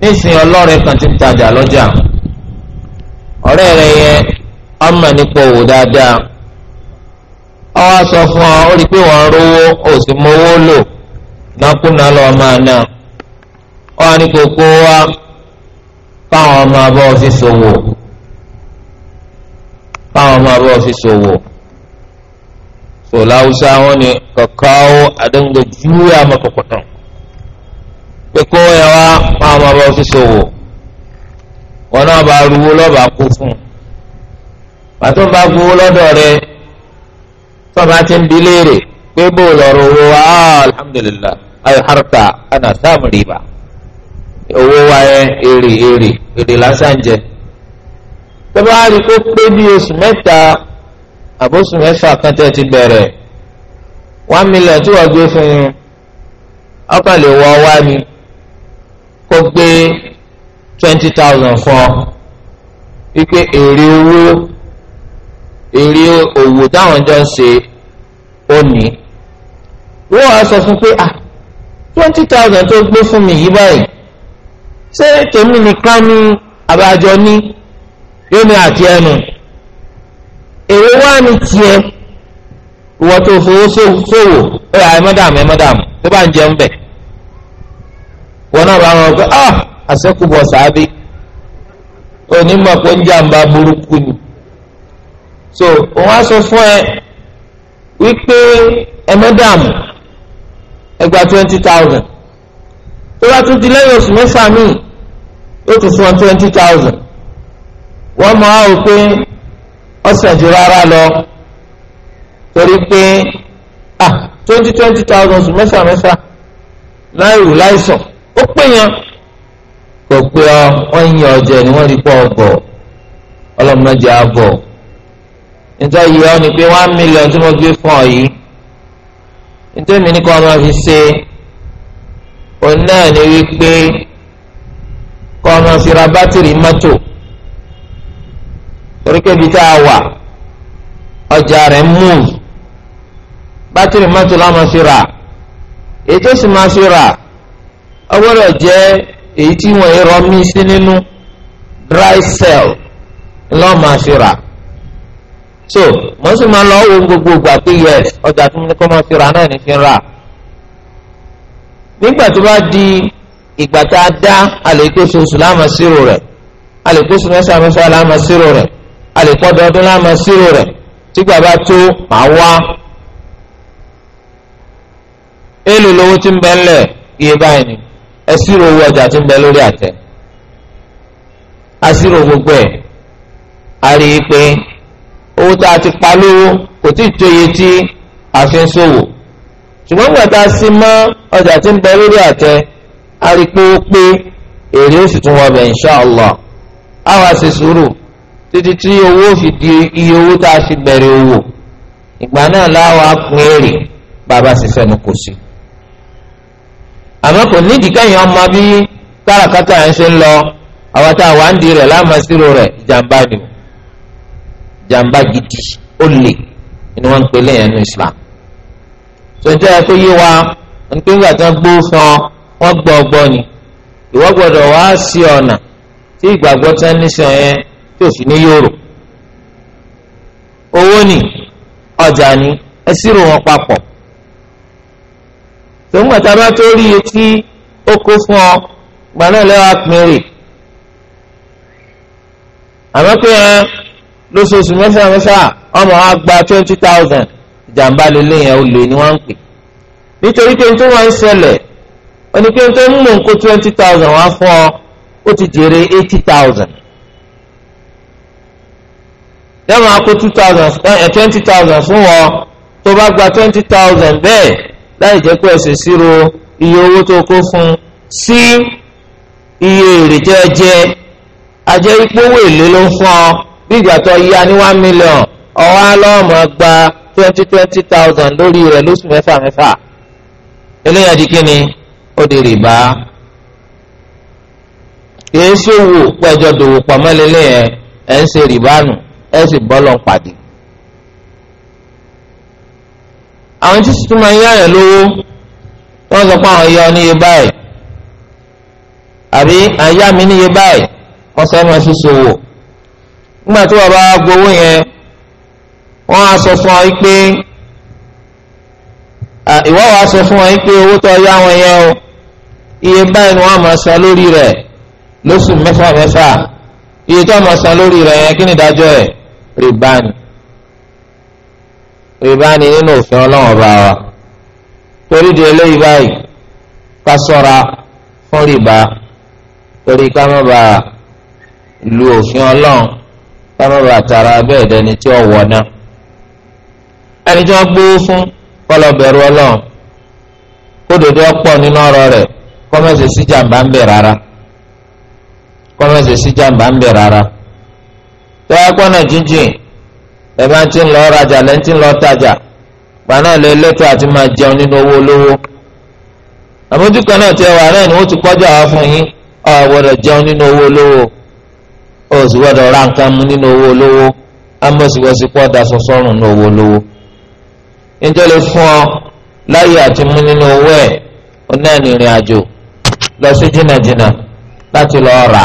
A: nísìnyí ọlọ́rẹ̀ kan ti ń tajà lọ́jà ọ̀rẹ́ rẹ̀ yẹn ọmọ nípa òwò sọ fún ọ ó rí pé wọ́n rówó ó sì mówó lò nákúnná lọ́ọ́ máa ná ọwọ́ ní kókó wá káwọn ọmọ abọ́ to lausawa ne ka kawo a dinga juya maka kuɗin pé kóyawa máa ma bá fi ṣòwò wọn náà bá ruwó lọ́ba kú fún pàtó bá gbowó lọ́dọ̀ rẹ tọ́ba ti ń bi léèrè pé bó lọ́rọ̀ owó wa ah, alhamdulilah harta ana sáàmù rìbá owó wa yẹn èrè èrè èrè lásán jẹ tọ́ba rí kó pé bí oṣù mẹ́ta àbóṣù mẹ́fà kan tẹ́ ti bẹ̀rẹ̀ one million tí wọ́n gbé fún un ọkàn lè wọ wá ni kó gbé twenty thousand fún ọ wípé èrè owó èrè òwò táwọn jọ ń ṣe ó ní wọ́n á sọ fún pé ah twenty thousand tó gbé fún mi yìí báyìí ṣé tèmi nìkan ni àbájọ ní yóò ní àti ẹnu. èrè wá ní tiẹ̀ ìwọ tó fowó sówò ó ẹ mọ́dàmù ẹ mọ́dàmù tó bá ń bẹ̀ wọn náà bá wọn pé ah àṣẹkùbọ̀ sàábì onímọ̀ pé ń burúkú ni so òun á sọ fún ẹ wípé ẹ mọ́dàmù ẹgbàá twenty thousand tó bá tún di lẹ́yìn oṣù mẹ́fà ọ̀sẹ̀ ju rárá lọ torí pé ah twenty twenty thousand sùn mẹ́sà mẹ́sà láìwù láìsàn ó pè yàn kò pé ọ wọ́n ń yan ọjọ́ ni wọ́n rí pọ̀ ọgọ̀ ọlọ́mọdé àgọ̀ nítorí yìí ọ ni pé one million tí mo gbé fún ọ yìí nítorí mi ní kọ́ ọmọ fi ṣe òun náà ni wípé kọ́ ọmọ fi ra bátìrì mọ́tò torípébi tá a wà ọjà rẹ̀ ń mú bátìrì mọ́tò láwọn fi rà èyí tó sì máa fi rà ó jẹ́ èyí tí wọ́n yẹrọ mí sí nínú dry cell lọ́ọ́ máa fi so mo sì máa lọ wo gbogbo ìgbà pé yes ọjà tó ní kó máa fi rà náà ní fi rà nígbà tó bá di ìgbà tá a dá àlékóso sùlámà sírò rẹ̀ àlékóso mẹ́sàmẹ́sà lámà sírò rẹ̀ alèpọ̀dọ̀ ọdún láàmú sírò rẹ̀ tígbà bá tó máa wá èlò lówó tí ń bẹ ńlẹ̀ iye báyìí ni ẹ sírò owó ọjà tí ń bẹ lórí àtẹ asírò gbogbo ẹ̀ a rí i pé owó tá a ti pa lówó kò tí ì tó iye tí a fi ń ṣòwò ṣùgbọ́n nígbà tá a sí mọ́ ọjà tí ń bẹ lórí àtẹ a rí i pé ó pé èrè oṣù tí wọ́n bẹ̀ insha Allah àwa ṣe sùúrù títí tí owó fi di iye owó tá a fi bẹ̀rẹ̀ owó ìgbà náà láwọn apin èrè bàbá sì fẹnu kò sí. àmọ́ kò nídìí kẹ́yìn ọmọ bí káràkátà yẹn ṣe ń lọ àwọn tá a wà ń di rẹ̀ lámàsírò rẹ̀ ìjàmbá ni o ìjàmbá gidi ó lè ni wọ́n ń pè lẹ́yìn ẹnu Islam. sọjọ́ ẹ tó yé wa nítorí ìgbà tí wọ́n gbó fún ọ wọ́n gbọ́ ọgbọ́ ni ìwọ wá sí ọ̀nà tí ìgbàgbọ́ tán ní sí yẹn tí ò sí ní yòrò owó ni ọjà ni ẹ ṣírò wọn papọ̀ tòun àti abá tó rí iye tí ó kó fún ọ gbà náà lẹ́wọ̀ àpínrè àmọ́ pé ẹ lóṣooṣù mẹ́fà mẹ́fà ọmọ wa gba twenty thousand ìjàmbá lélẹ̀ yẹn olè ni wọ́n ń pè nítorí pé tó wọ́n ń ṣẹlẹ̀ oníkéńtó ń mú twenty thousand wá fún ọ ó ti jèrè eighty thousand yóò máa kó two thousand eh, eh, twenty thousand fún wọn tó bá gba twenty thousand bẹ́ẹ̀ láì jẹ́ pé ẹ̀sìn ṣírò iye owó tó kó fún sí iye èrè tẹ́ ẹ jẹ ajẹ́ ìpówó èlé ló ń fún ọ bí ìgbà tó yá ní one million ọwọ́ alọ́ọ̀mọ̀ gba twenty twenty thousand lórí rẹ̀ lóṣù mẹ́fà mẹ́fà eléyà di kíni ó di rìbá kìí ṣòwò pẹ̀jọ dòwò pọ̀ mọ́lẹ́lẹ́yẹ ẹ̀ ń ṣe rìbá nù ẹ sì bọ́lọ̀ ń pàdé. àwọn tí tuntun máa ń yáyàn lówó wọ́n sọ pé àwọn yọ níye báyìí àbí àyà mi níye báyìí kọ́sẹ́ máa fi ṣòwò nígbà tí wọ́n bá gbowó yẹn wọ́n á sọ fún ọ pé ìwọ́ wa sọ fún ọ pé owó tó yá wọn yẹn o iye báyìí ni wọ́n máa san lórí rẹ̀ lóṣù mẹ́fà mẹ́fà iye tó máa san lórí rẹ̀ yẹn kí ni ìdájọ́ ẹ̀ Ribani, ribani ni nínú òfin ọlọ́wọ́n bá wa torí di eléyìí báyìí ká sọ́ra fún rìbá torí ká má ba lu òfin ọlọ́wọ́n ká má ba tara bẹ́ẹ̀ dẹni tí ó wọ̀ náà ẹni tí wọ́n gbówó fún kọ́lọ́ bẹ̀rù ọlọ́wọ́n kó dòdò ọ̀pọ̀ nínú ọ̀rọ̀ rẹ̀ kọ́mẹ́sì sí jàǹbá ń bẹ̀ rárá kọ́mẹ́sì sí jàǹbá ń bẹ̀ rárá. tó wá pọ́nà jíjìn ẹ máa ti ń lọ rajà lẹ́yìn tí ń lọ tajà gbaná lè lẹ́tọ̀ àti máa jẹun nínú owó olówó àmójúkan náà tẹ wà náà ni wọ́n ti kọjá wá fún yín ọ̀ gbọ́dọ̀ jẹun nínú owó olówó ó sì gbọ́dọ̀ ra nǹkan mu nínú owó olówó amọ̀síwọ́sí pọ̀ daṣọ sọ́run nínú owó olówó nítorí fún ọ láyé àti mú nínú owó ẹ̀ ó náà ní ìrìn àjò lọ sí jìnnàjìnnà láti lọ rà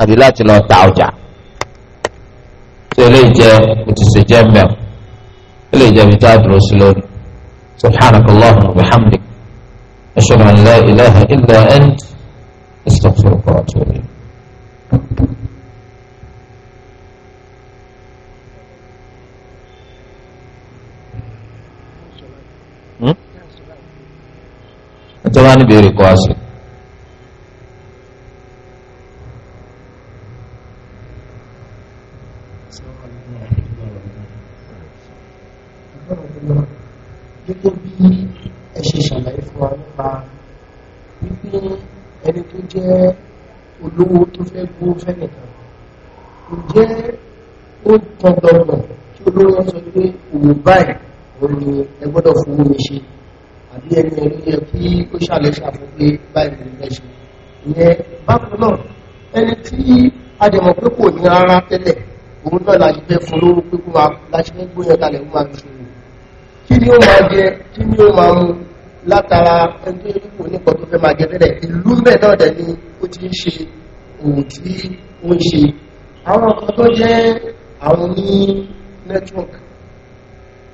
A: àbí láti lọ ta ọjà. tẹlẹ jẹ o ti ṣe jẹ mẹ o lè jẹ bíi tá a dúró sí lónìí subhanaka allahumma wa bihamdik ashhadu an la ilaha illa ant astaghfiruka wa atubu ilayk. Hmm? Ẹ tó bá ní bèrè kó a sè. ọgbọ̀gbọ̀ tí olówó sọ pé òun báyìí òun ni ẹ gbọ́dọ̀ fowó mi ṣe àbí ẹni ẹ̀rú yẹ kí ó ṣàlẹ̀ ṣàfihàn pé báyìí ló ń bẹ́ ṣe ìyẹn bákan náà ẹni tí adẹ̀mọ̀ pé kò ní rárá tẹ́lẹ̀ òun náà láti fẹ́ fún lówó pé kó máa láti fẹ́ gbóyàn kalẹ̀ ó máa fi ṣòwò kí ni ó máa jẹ kí ni ó máa mu látara ẹni tó yẹ kó nípa tó fẹ́ máa jẹ tẹ́lẹ̀ ìlú mẹ́ náà dẹ̀ ó ti ń ṣe òun tí ó ń ṣe àwọn kan tó jẹ́ àwọn ní network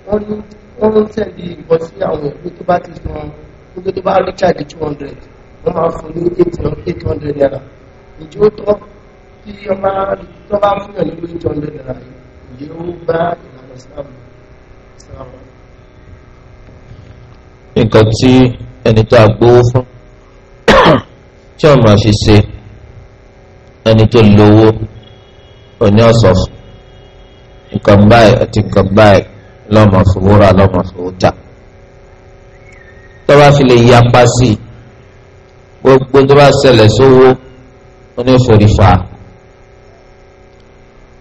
A: wọ́n ní wọ́n ń tẹ̀lé ìbọn sí àwọn ìpín tó bá ti san nígbà tó bá recharge two hundred wọ́n máa fún ní eight hundred naira ìjì ó tọ́ kí ọba tó bá fún yàn nínú eight hundred naira yìí ó bá ìlànà sáàmù sáàmù. nǹkan tí ẹni tó a gbowó fún tí ọmọ fi ẹni tó lówó òní ọ̀sọ̀ fún nǹkan báyìí àti nǹkan báyìí lọ́mọ fowó rà lọ́mọ fowó tà tó bá fi lè yapa sí i gbogbo tó bá ṣẹlẹ̀ sówó oníforífà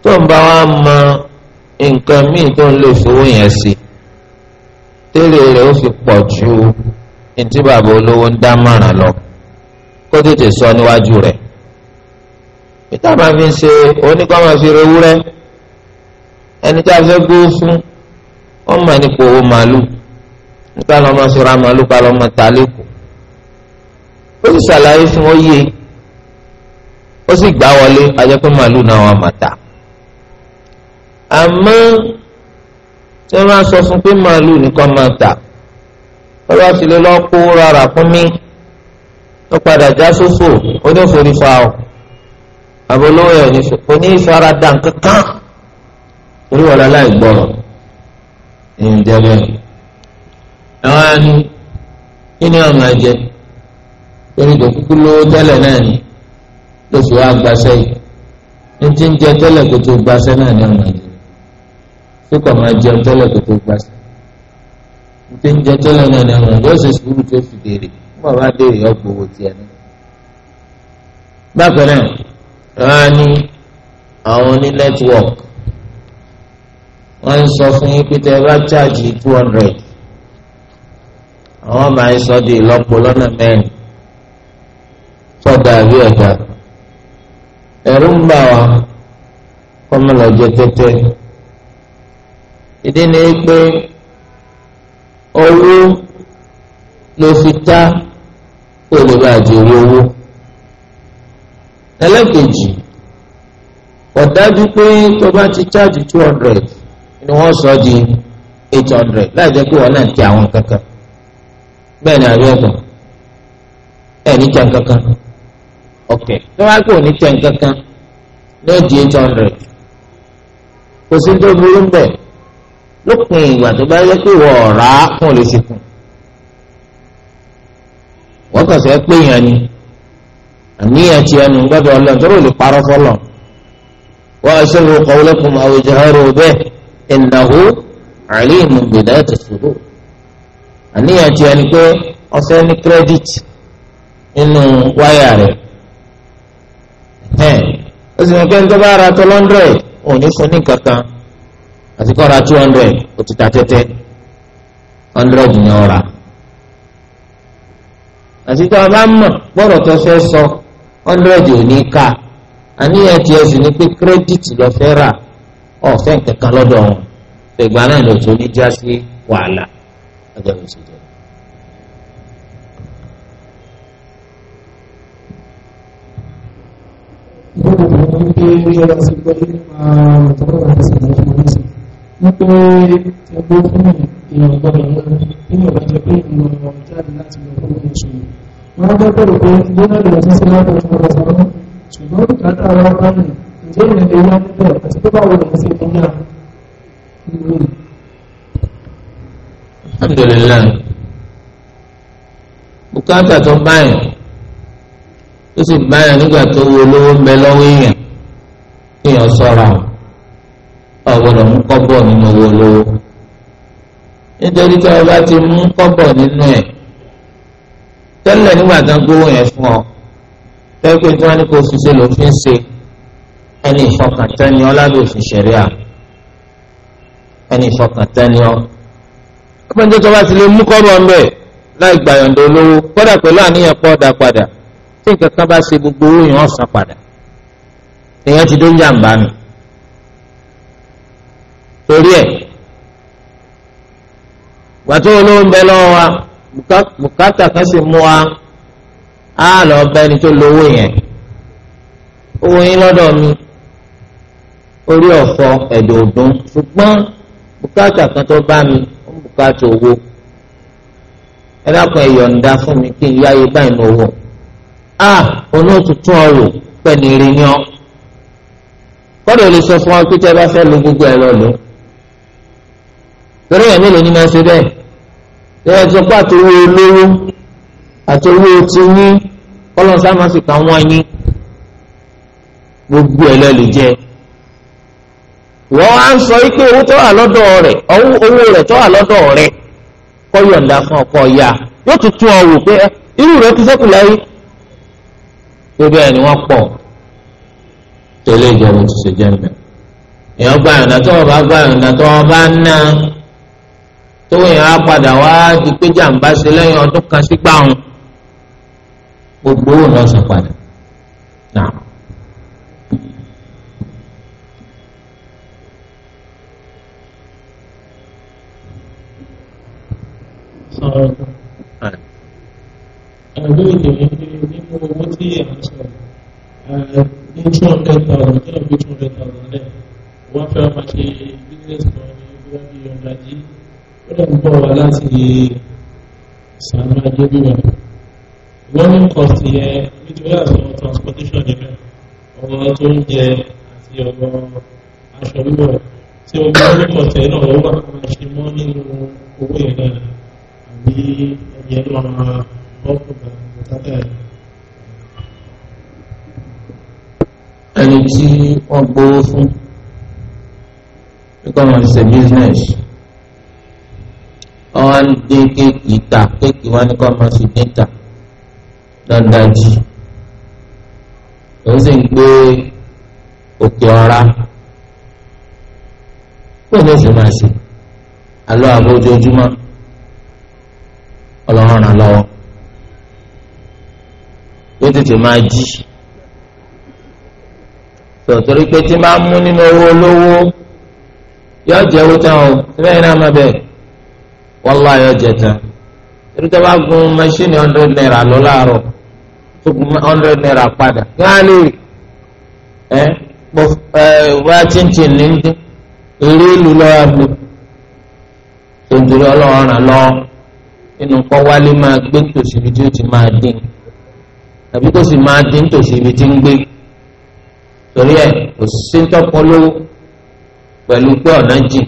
A: tó ń bá wa mọ nǹkan míì tó ń lè fowó yẹn sí tẹ́lẹ̀ rẹ̀ ó fi pọ̀ ju ntí bàbá olówó ń dá márùn lọ kó tètè sọ níwájú rẹ̀ peter máa fi ń ṣe oníkọ́ máa fi rewúrẹ́ ẹni tí a fẹ́ gbówó fún wọ́n mọ̀ nípa owó màálù nípa lọ́ máa sọ̀rọ̀ màálù ká lọ́ máa ta lẹ́kọ̀ọ́ ó sì ṣàlàyé fún ọ yé ó sì gbá wọlé ajẹ́ pé màálù náà wà máa ta àmọ́ tí wọ́n máa sọ fún pé màálù nìkan máa ta wọ́n bá ti lé lọ́kọ́ rárá fún mi ó padà já sófò ó ní òfòrí fa ọ àbólówó ẹ̀ ò ìfaradà kankan torí wọ́n láláì gbọ́rọ̀ ẹ̀yìn jẹ́bẹ̀ àwọn àni kíni ọmọ ẹ̀jẹ̀ torí tó kúkú lówó tẹ́lẹ̀ náà ni lóṣù wa gbaṣẹ́ yìí ní ti ń jẹ tẹ́lẹ̀ kó tó gbaṣẹ́ náà ni ọmọ ẹ̀jẹ̀ tó kọ̀ máa jẹun tẹ́lẹ̀ kó tó gbaṣẹ́ ní ti ń jẹ tẹ́lẹ̀ náà ni ọmọ ẹ̀jẹ̀ ó sì sùúrù tó fi dèrè fún bàbá dèrè ọgbọ̀wọ̀ tiẹ̀ náà. bákan náà àwọn ní àwọn ní wọ́n ń sọ fún yín pé tẹ́ ẹ bá chájì two hundred àwọn máa ń sọ di ìlọ́po lọ́nà mẹ́rin sọ́dà àbí ọ̀dà ẹ̀rú ń bà wá kọ́mọlọ́jẹ tẹ́tẹ́ ìdí ni pé owó ló fi kó lè bá owó ẹlẹ́kejì ọ̀dájú pé ni wọ́n sọ di eight hundred láì jẹ́ pé wọ́n náà ti àwọn kankan bẹ́ẹ̀ ni àbí ẹ̀kọ́ ẹ̀ ní jẹun kankan ọ̀kẹ́ tó wá pé òní jẹun kankan ló di eight hundred kò sí tó burú ń lópin ìgbà tó bá yẹ pé wọ́n ọ̀rá kún lè fi kún wọ́n kàn fẹ́ pé yẹn ni àníyàn ti ẹnu gbọ́dọ̀ ọlọ́run tó rò lè parọ́ fọlọ́ wọ́n aṣọ́rò kọ́wọ́lẹ́kùn àwùjọ ọ̀rọ̀ bẹ́ẹ̀. ìnáwó àlẹ́ ìmùgbìdá ti ṣòro àníyàn ti ẹni pé ọfẹ́ ní nínú wáyà ó sì bá ra tó lọ́ndrẹ̀d òun ní fún ní kankan àti kọ́ ra two hundred tẹ́tẹ́ hundred ni ọ̀ra àti tó a bá mọ̀ gbọ́dọ̀ tó fẹ́ sọ hundred ò ní ká àníyàn ti pé lọ ọ̀fẹ́ kankan lọ́dọ̀ wọn fẹ̀gbà náà lò tó ní já sí wàhálà agbẹ̀rù sí jẹ. wípé ẹgbẹ́ fún èèyàn gbọ́dọ̀ wọn nínú ìbàjẹ́ pé ìmọ̀ jáde láti lọ fún oṣù wọn á bẹ́ẹ̀ bẹ̀rẹ̀ pé lónà ìrọ̀sí sí látọ̀ tó lọ sọ́rọ́ ṣùgbọ́n bùkátà wa bá nìyẹn tí èèyàn lè wá níbẹ̀ àti pé báwo lè ṣe ní yàrá ìwé. alhamdulilayi bùkátà tó báyìí tó sì báyìí nígbà tó wo olówó ń bẹ lọ́wọ́ èèyàn èèyàn sọ̀rọ̀ ọ̀ gbọ́dọ̀ mú kọ́bọ̀ nínú owó olówó nítorí tí ọba ti mú kọ́bọ̀ nínú ẹ̀ tẹ́lẹ̀ nígbà tó ń gbówó yẹn fún ọ tẹ́gbẹ́ tí wọ́n ní kó fi ṣe ló ṣe ẹni ìfọkàntẹ́ni ọ lábẹ́ òfin ṣẹ̀ríà ẹni ìfọkàntẹ́ni ọ. ọpọlọpọ tó bá ti lè mú kọ́rù ọmọ ẹ̀ láì gbàyànjọ lówó kódà àníyàn padà tí nǹkan kan bá ṣe gbogbo owó yẹn ọ̀sán padà ti dó ń bá nù. torí ẹ̀ gbàtó olówó ń bẹ wa bùkátà kan sì mú wa á lọ tó lówó orí ọ̀fọ̀ ẹ̀dọ̀ ọ̀dún ṣùgbọ́n bùkátà kan tó bá mi ó ń bùkátà owó ẹ dákun ẹ yọ̀ǹda fún mi kí n yáyé báyìí ní owó a ònà òtútù ọ̀rọ̀ pẹ̀lú ìrìn kọ́dọ̀ lè sọ fún wa pé tí ẹ bá fẹ́ lo gbogbo ẹ̀ lò torí ẹ̀ mélòó ni máa ṣe bẹ́ẹ̀ ṣé ẹ ti pa àtòwé olówó àtòwé ti yín kọ́lọ́ọ̀sá máa fi kà wọ́n yín gbogbo ẹ̀ lè jẹ́ wọ́n á ń sọ pé owó tó wà lọ́dọ̀ rẹ̀ owó rẹ̀ tó wà lọ́dọ̀ rẹ̀ kọ́ yọ̀ǹda fún ọkọ̀ ya yóò tún tún ọ wò pé eh, irú rẹ̀ ti sẹ́kù láyé wọ́n pọ̀ tẹ́lẹ̀ ìjọba ti ṣe jẹ́ èèyàn gba tó wọn bá gba ìrìnà tó wọn bá ná tó èèyàn á padà wá di pé jàǹbá sọ ẹ̀rọ ìdè nínú owó tí à ń sọ ní two hundred thousand tí wọ́n fi two hundred thousand lẹ̀ wọ́n fẹ́ máa ṣe business kan ní wọ́n fi ọ̀nà jí ó lè ń bọ̀ wá láti sàánú ajé bíbá running cost yẹn nítorí àsọ̀rọ̀ transportation yẹn náà ọ̀rọ̀ tó ń jẹ àti ọ̀rọ̀ aṣọ wíwọ̀ tí ó gbọ́ running cost yẹn náà ó wà máa ṣe nínú owó yẹn bí ẹni ẹlú ọmọ ọkùnrin bùkátà yìí. ẹni tí wọ́n gbowó fún nígbà wọn ṣe business wọ́n á dé kéèkì ta kéèkì wọn ni kò máa fi dín ta òun sì ń gbé òkè ọ̀ra kó lè sì máa ṣe àlọ́ àbójoojúmọ́. ọlọ́run na lọ́wọ́ yóò tètè máa jí tòtòrí pé tí máa mú nínú owó olówó jẹ owó tán o síbẹ̀ náà má jẹ tán bá gun hundred naira lọ láàárọ̀ tó gun naira padà kí ẹ á wá chinchin ní ndí eré lọ́wọ́ àbúrò tòtòrí ọlọ́run nínú kọ́ wálé máa gbé tòsí ibi tí ó ti máa dín tàbí kó sì máa dín tòsí ibi tí ń gbé torí ẹ̀ kò sí ń tọ́pọ̀ lówó pẹ̀lú pé ọ̀nà jìn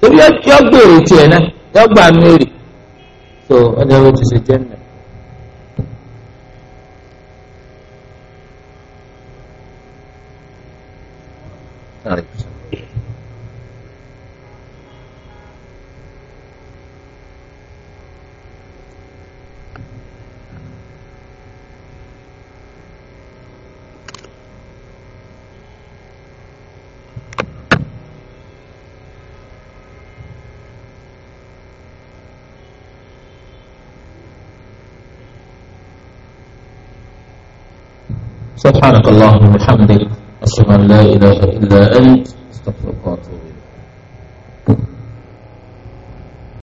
A: torí yọ gbèrè tiẹ̀ náà yọ gbà mí rè tó ọjọ́ ló ti ṣe jẹ́ mi. All right. سبحانك اللهم وبحمدك أشهد أن لا إله إلا أنت استغفرك واتوب إليك